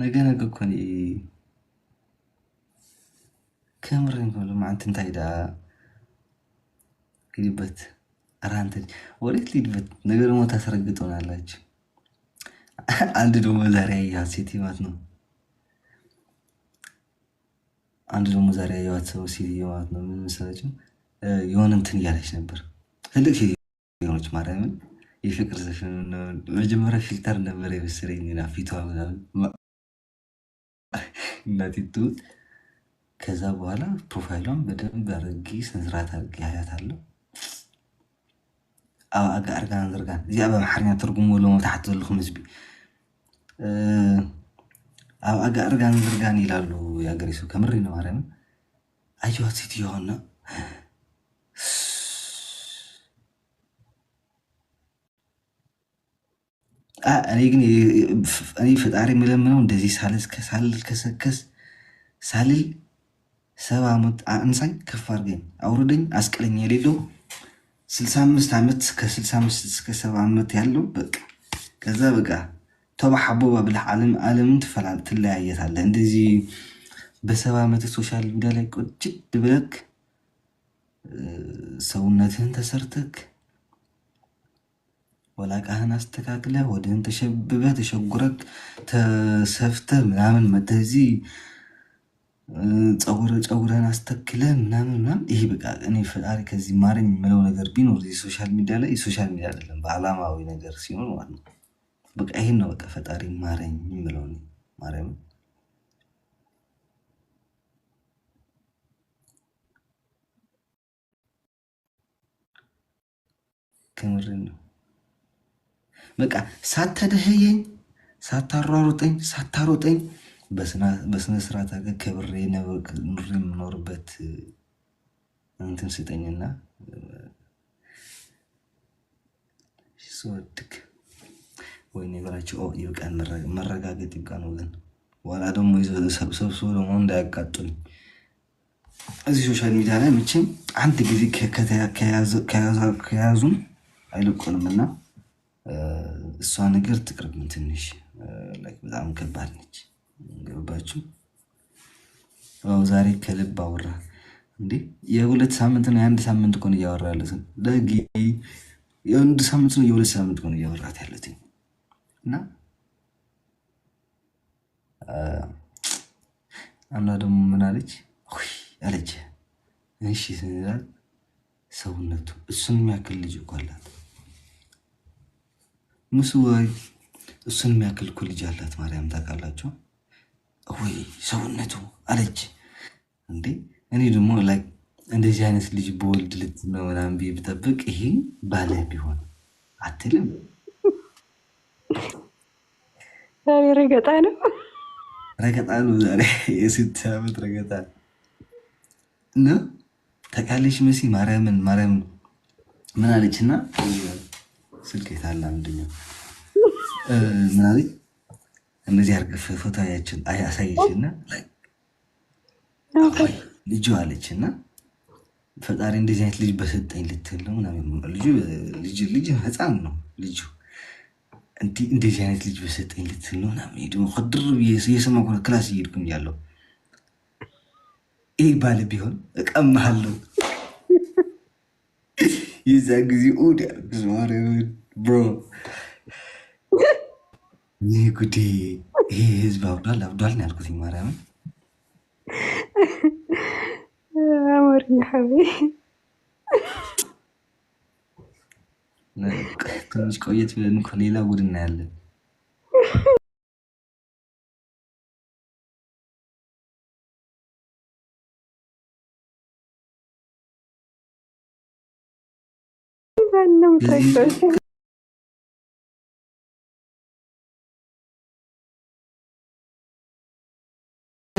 ነገ ነገ እኮ ከምር መዓንቲ እንታይ ዳ ሂድበት አራንተ ወዴት ሊድበት ነገ ደግሞ ታስረግጥ ሆናላችሁ። አንድ ደግሞ ዛሬ ያየዋት ሴት ማለት ነው። አንድ ደግሞ ዛሬ ያየዋት ሰው ሴት ማለት ነው። ምን መሰላችሁ? የሆነ እንትን እያለች ነበር ትልቅ ሴት ሆነች ማርያምን የፍቅር ዘፈን መጀመሪያ ፊልተር ነበር የመሰለኝ እና ፊቷ ምናምን እናቲቱ ከዛ በኋላ ፕሮፋይሏን በደንብ አድርጌ ስነስርዓት አድርጌ አያታለሁ። ኣብ ኣርጋ ዘርጋን እዚኣ ብኣምሓርኛ ትርጉም ሎ ታሕቲ ዘለኹም ህዝቢ ኣብ ኣጋ እርጋን ዝርጋን ይላሉ የገሬሱ ከምሪ ነማርያም ኣየዋት ሴትዮዋና እኔ ግን እኔ ፈጣሪ የምለምነው እንደዚህ ሳልልከሰከስ ሳልል ከሰከስ ሳልል ሰባ ዓመት አንሳኝ፣ ከፍ አድርገኝ፣ አውርደኝ፣ አስቀለኝ የሌለው ስልሳ አምስት ዓመት ከስልሳ አምስት እስከ ሰባ ዓመት ያለው በቃ ከዛ በቃ ተባ ሓቦባ ብላ ዓለምን ትለያየታለ። እንደዚህ በሰባ ዓመት ሶሻል ሚዲያ ላይ ቁጭት ብለክ ሰውነትህን ተሰርተክ ወላቃህን አስተካክለ ወደን ተሸብበህ ተሸጉረት ተሰፍተ ምናምን መተዚ እዚህ ጸጉረን አስተክለህ ምናምን ምናምን። ይሄ በቃ እኔ ፈጣሪ ከዚህ ማረኝ የምለው ነገር ቢኖር ሶሻል ሚዲያ ላይ ሶሻል ሚዲያ አይደለም በአላማዊ ነገር ሲሆን ማለት ነው። በቃ ይሄን ነው በቃ ፈጣሪ ማረኝ የምለው ማርያም። ከምርን ነው። በቃ ሳተደህየኝ ሳታሯሩጠኝ ሳታሮጠኝ በስነ ስርዓት አገር ከብሬ ኑሬ የምኖርበት እንትን ስጠኝና ስወድክ ወይ ነገራቸው ይብቃ፣ መረጋገጥ ይብቃ ነው ብለን ዋላ ደግሞ ሰብሰብሶ ደግሞ እንዳያቃጥል እዚህ ሶሻል ሚዲያ ላይ መቼም አንድ ጊዜ ከያዙም አይለቁንም እና እሷ ነገር ትቅርብን ትንሽ በጣም ከባድ ነች። ገባችሁ? ያው ዛሬ ከልብ አወራ እንዴ! የሁለት ሳምንት ነው የአንድ ሳምንት ኮን እያወራ ያለት ለህግ የአንድ ሳምንት ነው የሁለት ሳምንት ኮን እያወራት ያለት እና አምና ደግሞ ምናለች አለች አለች እሺ ስንላል ሰውነቱ እሱን የሚያክል ልጅ እኮ አላት ምስ ወይ እሱን የሚያክል እኮ ልጅ አላት ማርያም ታውቃላቸው ወይ ሰውነቱ አለች እንዴ እኔ ደግሞ እንደዚህ አይነት ልጅ በወልድ ልት ምናምን ብዬ ብጠብቅ ይሄ ባለ ቢሆን አትልም ዛሬ ረገጣ ነው ረገጣ ነው ዛሬ የስት ዓመት ረገጣ እና ተቃለሽ መሲ ማርያምን ማርያም ምን አለች እና ስልክ የታለ? አንደኛው ምናምን እንደዚህ አርግፍ ፎቶ ያችን አሳየችና ልጁ አለች እና ፈጣሪ እንደዚህ አይነት ልጅ በሰጠኝ ልትል ነው ልጅ ህፃን ነው ልጁ እንደዚህ አይነት ልጅ በሰጠኝ ልትል ነው ደግሞ ከድር የሰማ ክላስ እየሄድኩም ያለው ይህ ባል ቢሆን እቀምሃለሁ የዛ ጊዜ ኦዳ ብዙ ብሮ ይህ ጉዴ ይሄ ህዝብ አብዷል አብዷል ነው ያልኩት። ማርያምን አመር ትንሽ ቆየት ብለን እኮ ሌላ ጉድ እናያለን። Random Texte.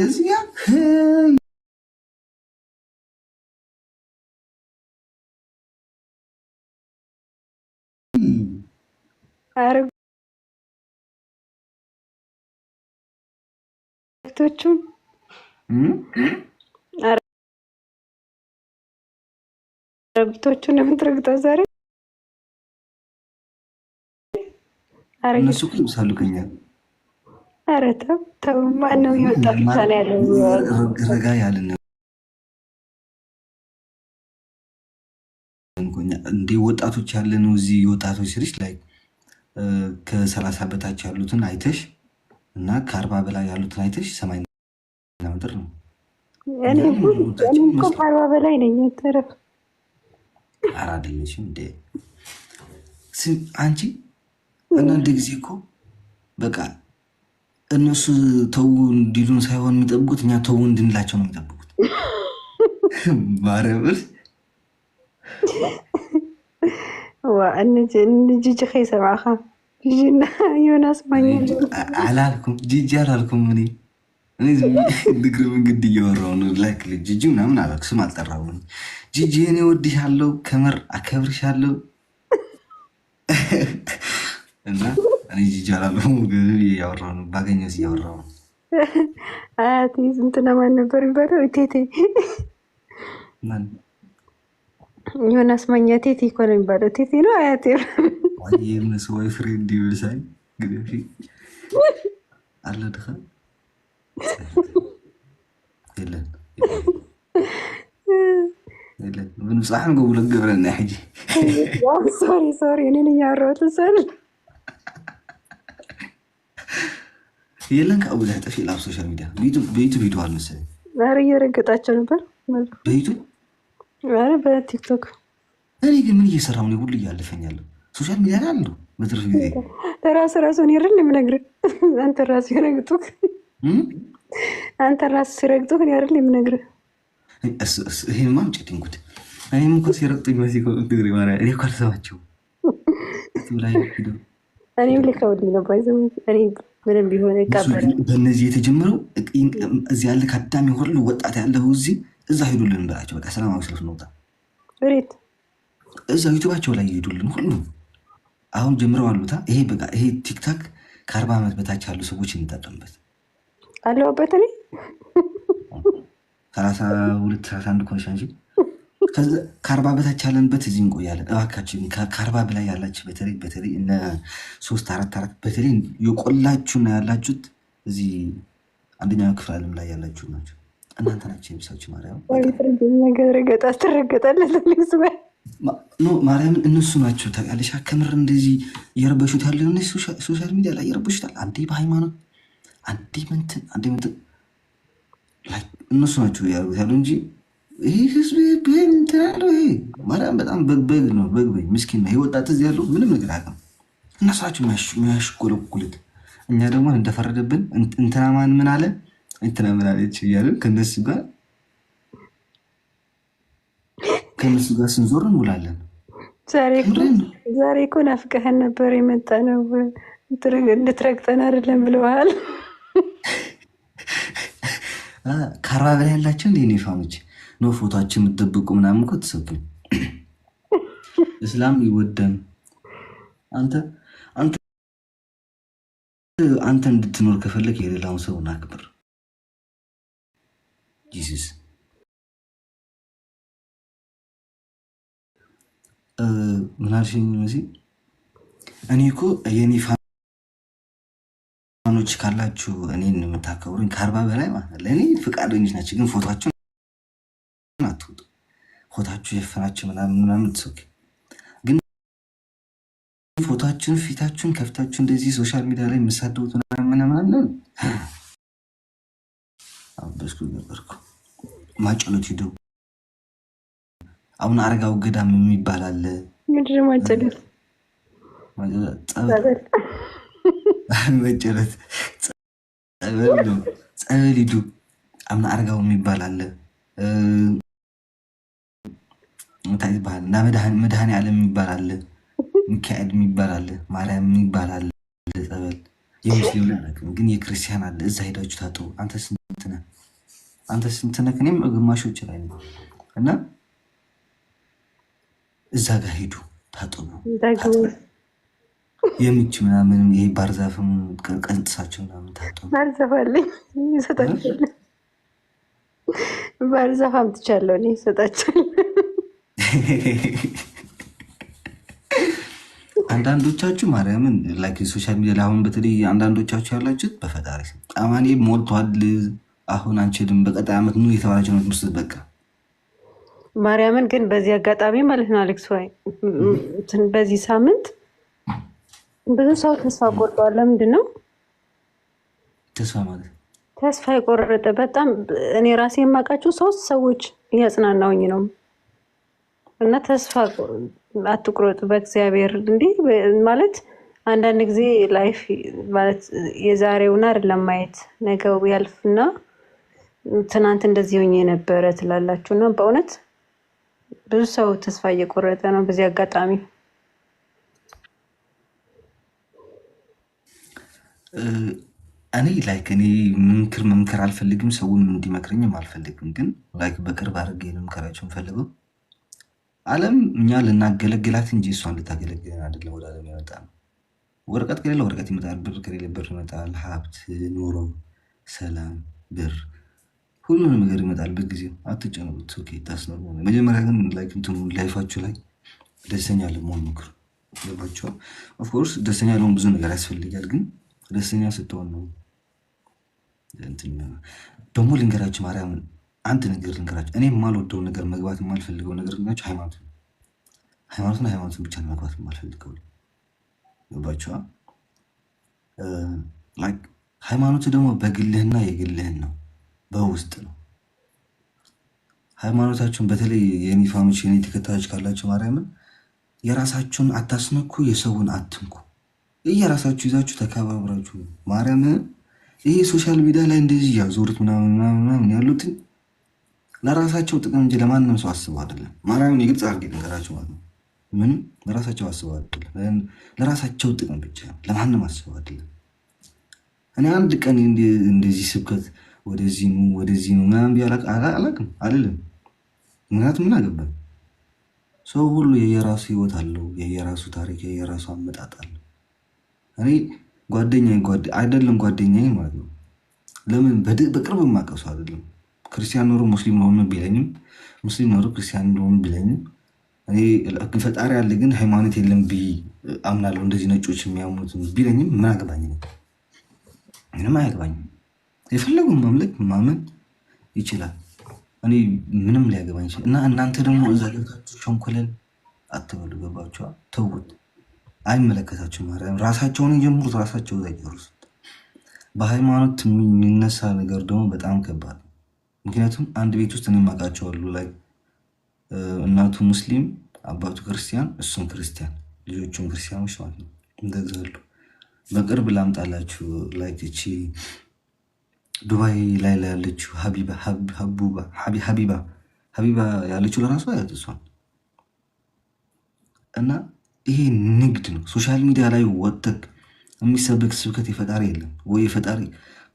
እዚያ ቶቹም የምትረግጠው ዛሬ እነሱ እኮ ይብሳሉ ከኛ። ኧረ ተው ተው፣ ማነው የወጣ ብቻ ነው ያለው። ወጣቶች ያለ ነው። እዚህ ወጣቶች ስሪች ላይ ከሰላሳ በታች ያሉትን አይተሽ እና ከአርባ በላይ ያሉትን አይተሽ ሰማይ ምድር ነው። እኔ እኮ ከአርባ በላይ ነኝ። ተረፍ አራደኝሽም እንዴ አንቺ አንዳንድ ጊዜ እኮ በቃ እነሱ ተው እንዲሉን ሳይሆን የሚጠብቁት እኛ ተው እንድንላቸው ነው የሚጠብቁት። ማረብል ጂጂ ከይሰማዕካ ጂጂና የሆነ አስማኛ አላልኩም፣ ጂጂ አላልኩም። እኔ ድግሪ መንገድ እየወራሁ ነው። ላይክ ጂጂ ምናምን አላልኩም፣ ስም አልጠራሁም። ጂጂ እኔ እወድሻለሁ፣ ከመር አከብርሻለሁ እና እኔ ጂጂ አላለሁም እያወራሁ ነው። ባገኘሁት እያወራሁ ነው። አያቴ እንትና ማን ነበር የሚባለው? ቴቴ የሆነ አስማኛ ቴቴ እኮ ነው የሚባለው። ቴቴ ነው አያቴ የእነሱ ወይ ፍሬንድ ይብልሳል ግፊ አለ ድኸ የለን የለን ምንም ፀሓን ጎብለ ገብረና ሕጂ ሶሪ ሶሪ እኔን እያወራሁት ሰል የለን ከአቡዛ ጠፊ የላም ሶሻል ሚዲያ በዩቱ ቪዲዮ አልመሰለኝ። ዛሬ እየረገጣቸው ነበር በዩቱ ዛሬ በቲክቶክ። እኔ ግን ምን እየሰራሁ ነው? ሁሉ እያለፈኛለሁ ሶሻል ሚዲያ ላይ አለሁ በትርፍ ጊዜ ራስ ራሱ እኔ አይደል የምነግርህ አንተ ራስ ሲረግጡህ አንተ ራስ ሲረግጡህ እኔ አይደል የምነግርህ። ይሄን ማም ጭድንጉት እኔም እኮ ሲረግጡኝ መሲግሪ ማርያ እኔ እኮ አልሰማቸውም። እኔም ልከውልኝ ነው ባይዘ እኔ ምንም ቢሆን ይቀበላል። በእነዚህ የተጀመረው ያለ ከአዳሚ ሁሉ ወጣት ያለው እዚህ እዛ ሄዱልን በላቸው። በቃ ሰላማዊ ሰልፍ እንውጣ። ሬት እዛ ዩቱባቸው ላይ ይሄዱልን ሁሉ አሁን ጀምረው አሉታ። ይሄ በቃ ይሄ ቲክታክ ከአርባ ዓመት በታች ያሉ ሰዎች እንጠቀምበት አለበት እኔ ሰላሳ ሁለት ሰላሳ አንድ ኮንሻንሽን ከአርባ በታች ያለንበት እዚህ እንቆያለን። እባካችን ከአርባ በላይ ያላችሁ በተለይ በተለይ እነ ሶስት አራት አራት በተለይ የቆላችሁ ነው ያላችሁት እዚህ አንደኛው ክፍል ዓለም ላይ ያላችሁ ናቸው። እናንተ ናቸው የሚሳች ማርያም ማርያምን እነሱ ናቸው ታውቃለሽ። ከምር እንደዚህ የረበሹት ያለ ሶሻል ሚዲያ ላይ የረበሹታል። አንዴ በሃይማኖት አንዴ ምንትን አንዴ ምንትን እነሱ ናቸው ያሉት ያሉ እንጂ ይህ ህዝብ ብሄር እንትን ያለው ይሄ ማርያም በጣም በግበግ ነው። በግበግ ምስኪን ነው። ወጣት እዚህ ያለው ምንም ነገር አቅም እነሳቸው የሚያሽጎለጉሉት እኛ ደግሞ እንደፈረደብን እንትና ማን ምን አለ እንትና ምን አለች እያለን ከነሱ ጋር ከነሱ ጋር ስንዞር እንውላለን። ዛሬ እኮ ናፍቀኸን ነበር የመጣ ነው እንድትረግጠን አይደለም ብለዋል። ከአርባ በላይ ያላቸው እንደ ኔፋኖች ነው ፎቶችን የምትደብቁ ምናምን እኮ ትሰብኩ እስላም ይወደን አንተ አንተ አንተ እንድትኖር ከፈለግ የሌላውን ሰው ናክብር ጂሱስ ምናልሽኝ መሲ እኔ እኮ የኔ ፋኖች ካላችሁ እኔን የምታከብሩኝ ከአርባ በላይ ማለት ለእኔ ፍቃደኞች ናቸው፣ ግን ፎቶቸው አትውጡ። ሆታችሁ የፈናችሁ ምናምን ምናምን ትሶክ ግን ፎታችሁን ፊታችሁን ከፍታችሁ እንደዚህ ሶሻል ሚዲያ ላይ የምሳደቡት ምናምን ምናምን አበስኩ ነበርኩ ማጨሎት ሂደው አሁን አረጋው ገዳም የሚባል አለ። ምንድን ማጨሎት መጨረት ጸበል ሂዱ። አሁን አርጋው የሚባል አለ እንታይ ዝበሃል እና መድሃኒ ዓለም የሚባል አለ፣ ሚካኤል የሚባል አለ፣ ማርያም የሚባል አለ። ፀበል የሙስሊም አላውቅም፣ ግን የክርስቲያን አለ። እዛ ሄዳችሁ ታጥቡ። አንተ ስንት ነህ? አንተ ስንት ነህ? እኔም ግማሽ ላይ ነው እና እዛ ጋር ሄዱ ታጥቡ። የምች ምናምን ይሄ ባርዛፍም ቀንጥሳቸው ምናምን ታጥቡ። ባርዛፍ አለኝ ይሰጣቸዋል። ባርዛፍ አምጥቻለሁ እኔ ይሰጣቸዋል አንዳንዶቻችሁ ማርያምን ላይክ ሶሻል ሚዲያ ላይ አሁን በተለይ አንዳንዶቻችሁ ያላችሁት በፈጣሪ አማኔ ሞልቷል። አሁን አንችልም፣ በቀጣይ ዓመት ኑ የተባላቸው ነው ትምህርት በቃ ማርያምን ግን በዚህ አጋጣሚ ማለት ነው አሌክስ ዋይ በዚህ ሳምንት ብዙ ሰው ተስፋ ቆርጧል። ለምንድን ነው ተስፋ ማለት ተስፋ የቆረጠ በጣም እኔ ራሴ የማውቃቸው ሶስት ሰዎች እያጽናናውኝ ነው እና ተስፋ አትቁረጡ በእግዚአብሔር እንዲህ ማለት አንዳንድ ጊዜ ላይፍ ማለት የዛሬውን አይደለም ማየት ነገው ያልፍና ትናንት እንደዚህ ሆኜ የነበረ ትላላችሁ እና በእውነት ብዙ ሰው ተስፋ እየቆረጠ ነው። በዚህ አጋጣሚ እኔ ላይክ እኔ ምንክር መምከር አልፈልግም፣ ሰውን እንዲመክረኝም አልፈልግም። ግን ላይክ በቅርብ አድርጌ ልምከራቸው ፈልገው ዓለም እኛ ልናገለግላት እንጂ እሷን ልታገለግለን አይደለም። ወደ ዓለም ያመጣ ነው። ወረቀት ከሌለ ወረቀት ይመጣል። ብር ከሌለ ብር ይመጣል። ሀብት፣ ኑሮ፣ ሰላም፣ ብር ሁሉን ነገር ይመጣል። በጊዜው አትጨነቁት። ኦኬ መጀመሪያ ግን ላይክ እንትኑ ላይፋችሁ ላይ ደስተኛ ለመሆን ሞክሩ። ገባችኋል? ኦፍኮርስ ደስተኛ ለሆን ብዙ ነገር ያስፈልጋል። ግን ደስተኛ ስትሆን ነው ደግሞ ልንገራችሁ ማርያምን አንድ ነገር ልንገራቸው። እኔ የማልወደው ነገር መግባት የማልፈልገው ነገር ልንገራቸው፣ ሃይማኖት ነው። ሃይማኖትና ሃይማኖትን ብቻ መግባት የማልፈልገው ገባችኋ? ሃይማኖት ደግሞ በግልህና የግልህን ነው፣ በውስጥ ነው። ሃይማኖታችሁን በተለይ የሚፋኖች ፋኖች የኔ ተከታዮች ካላቸው ማርያምን የራሳችሁን አታስነኩ፣ የሰውን አትንኩ። ይህ የራሳችሁ ይዛችሁ ተከባብራችሁ ማርያምን ይሄ ሶሻል ሚዲያ ላይ እንደዚህ ያዞሩት ምናምን ምናምን ያሉትን ለራሳቸው ጥቅም እንጂ ለማንም ሰው አስበው አይደለም። ማርያምን የግልጽ አድርጌ ነገራቸው ማለት ነው። ምንም ለራሳቸው አስበው አይደለም፣ ለራሳቸው ጥቅም ብቻ ለማንም አስበው አይደለም። እኔ አንድ ቀን እንደዚህ ስብከት ወደዚህ ነው ወደዚህ ኑ ምናምን አላቅም አይደለም። ምክንያቱም ምን አገባኝ። ሰው ሁሉ የየራሱ ህይወት አለው፣ የየራሱ ታሪክ፣ የየራሱ አመጣጥ አለው። እኔ ጓደኛ አይደለም ጓደኛ ማለት ነው። ለምን በቅርብ የማውቀው ሰው አይደለም ክርስቲያን ኖሮ ሙስሊም ሆኑ ቢለኝም ሙስሊም ኖሮ ክርስቲያን ሆኑ ቢለኝም እኔ ፈጣሪ አለ ግን ሃይማኖት የለም ብዬ አምናለሁ እንደዚህ ነጮች የሚያምኑት ቢለኝም ምን አገባኝ? ምንም አያገባኝም። የፈለጉን ማምለክ ማመን ይችላል። እኔ ምንም ሊያገባኝ ይችላል። እና እናንተ ደግሞ እዛ ገብታችሁ ሸንኮለል አትበሉ። ገባችኋል? ተውት። አይመለከታችሁ ማርያም። ራሳቸውን የጀምሩት ራሳቸው እዛ በሃይማኖት የሚነሳ ነገር ደግሞ በጣም ከባድ ምክንያቱም አንድ ቤት ውስጥ እኔም አውቃቸዋለሁ። ላይ uh, እናቱ ሙስሊም፣ አባቱ ክርስቲያን፣ እሱም ክርስቲያን፣ ልጆቹም ክርስቲያኖች ማለት ነው። እንደዛሉ በቅርብ ላምጣላችሁ። ላይ እቺ ዱባይ ላይ ላይ ያለችው ሀቢባ ሀቢባ ሀቢባ ያለችው ለራሱ አያት እሷን እና ይሄ ንግድ ነው። ሶሻል ሚዲያ ላይ ወጥተህ የሚሰበክ ስብከት የፈጣሪ የለም ወይ የፈጣሪ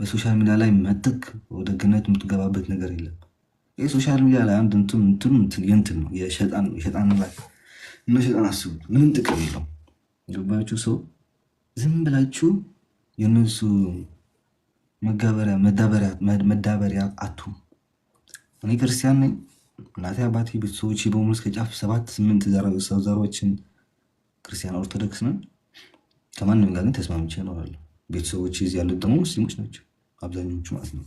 በሶሻል ሚዲያ ላይ መጥቅ ወደ ገነት የምትገባበት ነገር የለም። ይህ ሶሻል ሚዲያ ላይ አንድ እንትን እንትን ነው የሸጣን ነው ላይ እነ ሸጣን አስቡት፣ ምንም ጥቅም የለው። ገባችሁ? ሰው ዝም ብላችሁ የእነሱ መጋበሪያ መዳበሪያ አቱ እኔ ክርስቲያን ነኝ። እናቴ አባቴ ቤተሰቦች በሙሉ እስከ ጫፍ ሰባት ስምንት ዘሮችን ክርስቲያን ኦርቶዶክስ ነን። ከማንም ጋር ግን ተስማምቼ እኖራለሁ። ቤተሰቦች እዚህ ያሉት ደግሞ ሙስሊሞች ናቸው አብዛኞቹ ማለት ነው።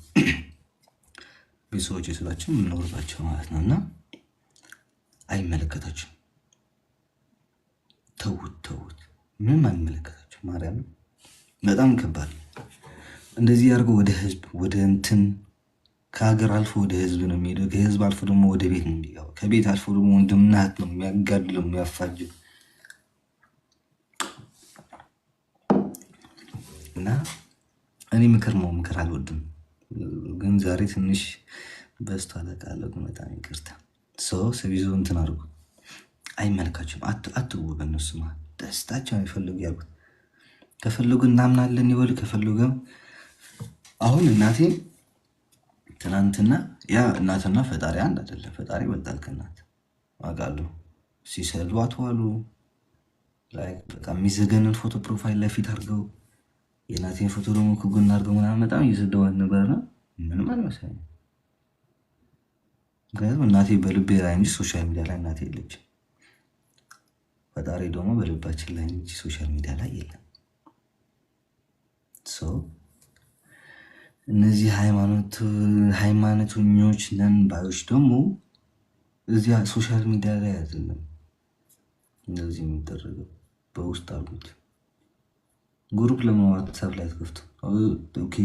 ቤተሰቦች ስላቸው የምንኖርባቸው ማለት ነው እና አይመለከታቸው። ተውት ተውት፣ ምንም አይመለከታቸው። ማርያም በጣም ከባድ እንደዚህ ያርገ ወደ ህዝብ ወደ እንትን ከሀገር አልፎ ወደ ህዝብ ነው የሚሄደው። ከህዝብ አልፎ ደግሞ ወደ ቤት ነው የሚገባው። ከቤት አልፎ ደግሞ ወንድምናት ነው የሚያጋድለው የሚያፋጀው እና እኔ ምክር ነው ምክር አልወድም፣ ግን ዛሬ ትንሽ በስቶ አለቃለሁ። በጣም ይቅርታ። ሰው ሰቢዞ እንትን አድርጉ፣ አይመልካችሁም፣ አትቡ። በእነሱ መሀል ደስታቸውን ይፈልጉ ያልኩት ከፈለጉ እናምናለን ይበሉ፣ ከፈለገም አሁን እናቴ ትናንትና ያ እናትና ፈጣሪ አንድ አይደለም። ፈጣሪ ይበልጣል ከእናት አውቃለሁ። አትዋሉ ላይ በጣም የሚዘገንን ፎቶ ፕሮፋይል ለፊት አድርገው የናቴን ፎቶ ደግሞ ከጎን አድርገው ምናምን በጣም እየሰደዋት ነበር ነው ምንም አልመሰለኝም። ምክንያቱም እናቴ በልቤ ላይ እንጂ ሶሻል ሚዲያ ላይ እናቴ የለችም። ፈጣሪ ደግሞ በልባችን ላይ እንጂ ሶሻል ሚዲያ ላይ የለም። እነዚህ ሃይማኖተኞች ነን ባዮች ደግሞ እዚያ ሶሻል ሚዲያ ላይ አይደለም እንደዚህ የሚደረገው፣ በውስጥ አሉት። ግሩፕ ለማውራት ላይ ትከፍቱ። ኦኬ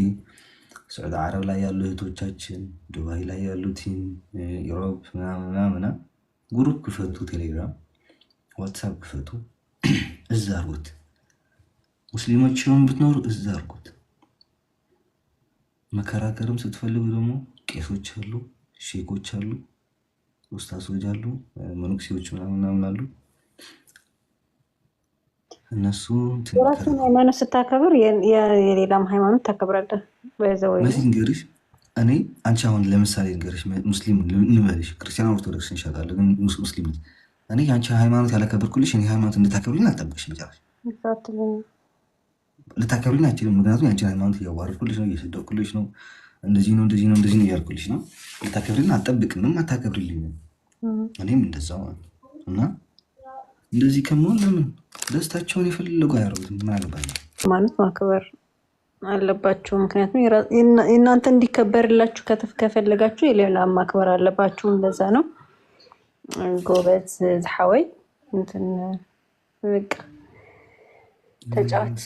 ስዑድ ዓረብ ላይ ያሉ እህቶቻችን፣ ዱባይ ላይ ያሉ ቲም ኢሮፕ ምናምና ግሩፕ ክፈቱ። ቴሌግራም፣ ዋትሳፕ ክፈቱ። እዛ አርጉት። ሙስሊሞች ሆን ብትኖሩ እዛ አርጉት። መከራከርም ስትፈልጉ ደግሞ ቄሶች አሉ፣ ሼኮች አሉ፣ ኡስታዞች አሉ፣ መነኩሴዎች ምናምን አሉ። እነሱ የራሱን ሃይማኖት ስታከብር የሌላም ሃይማኖት ታከብራለህ። መሲ ንገሪሽ፣ እኔ አንቺ አሁን ለምሳሌ ንገሪሽ፣ ሙስሊም እንበልሽ፣ ክርስቲያን ኦርቶዶክስ እንሻላለ ግን ሙስሊም እኔ አንቺ ሃይማኖት ያላከበርኩልሽ እኔ ሃይማኖት እንድታከብርልኝ አልጠበቅሽ መጨረሻ ልታከብርልኝ አችልም። ምክንያቱም ያንቺን ሃይማኖት እያዋረድኩልሽ ነው፣ እየሰደኩልሽ ነው፣ እንደዚህ ነው፣ እንደዚህ ነው፣ እንደዚህ ነው እያልኩልሽ ነው። ልታከብርልኝ አልጠብቅምም፣ አታከብርልኝም። እኔም እንደዛው እና እንደዚህ ከመሆን ለምን ደስታቸውን የፈለጉ አያደርጉትም? ምን አገባኝ ማለት ማክበር አለባችሁ። ምክንያቱም የእናንተ እንዲከበርላችሁ ከፈለጋችሁ የሌላ ማክበር አለባችሁ። እንደዛ ነው። ጎበዝ ዝሓወይ እንትን በቃ ተጫወት።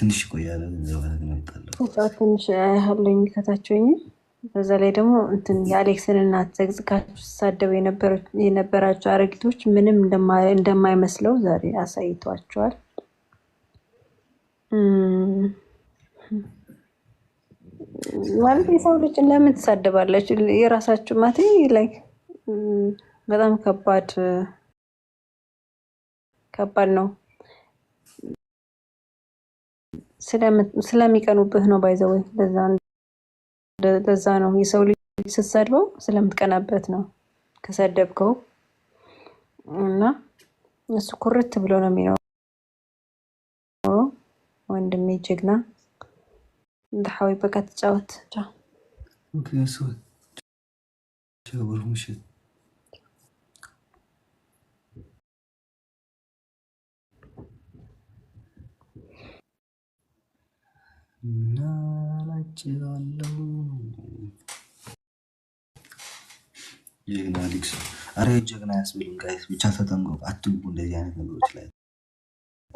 ትንሽ ቆያ ተጫወት። ትንሽ ያለኝ ከታቸውኝ በዛ ላይ ደግሞ እንትን የአሌክስን እናት ዘግዝቃችሁ ሲሳደቡ የነበራቸው አረጊቶች ምንም እንደማይመስለው ዛሬ አሳይቷቸዋል። ማለት የሰው ልጅ ለምን ትሳደባለች? የራሳችሁ ማት ላይ በጣም ከባድ ከባድ ነው። ስለሚቀኑብህ ነው ባይዘወይ በዛ ለዛ ነው የሰው ልጅ ስትሰድበው ስለምትቀናበት ነው። ከሰደብከው እና እሱ ኩርት ብሎ ነው የሚኖረው። ወንድሜ ጀግና እንተሓወይ በቃ ተጫወት። እና ጀግና ሊክስ አረ ጀግና ያስብልን። ጋይስ ብቻ ተጠንቀቁ፣ አትግቡ እንደዚህ አይነት ነገሮች ላይ።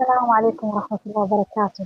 ሰላም አለይኩም ረመቱላ በረካቱ።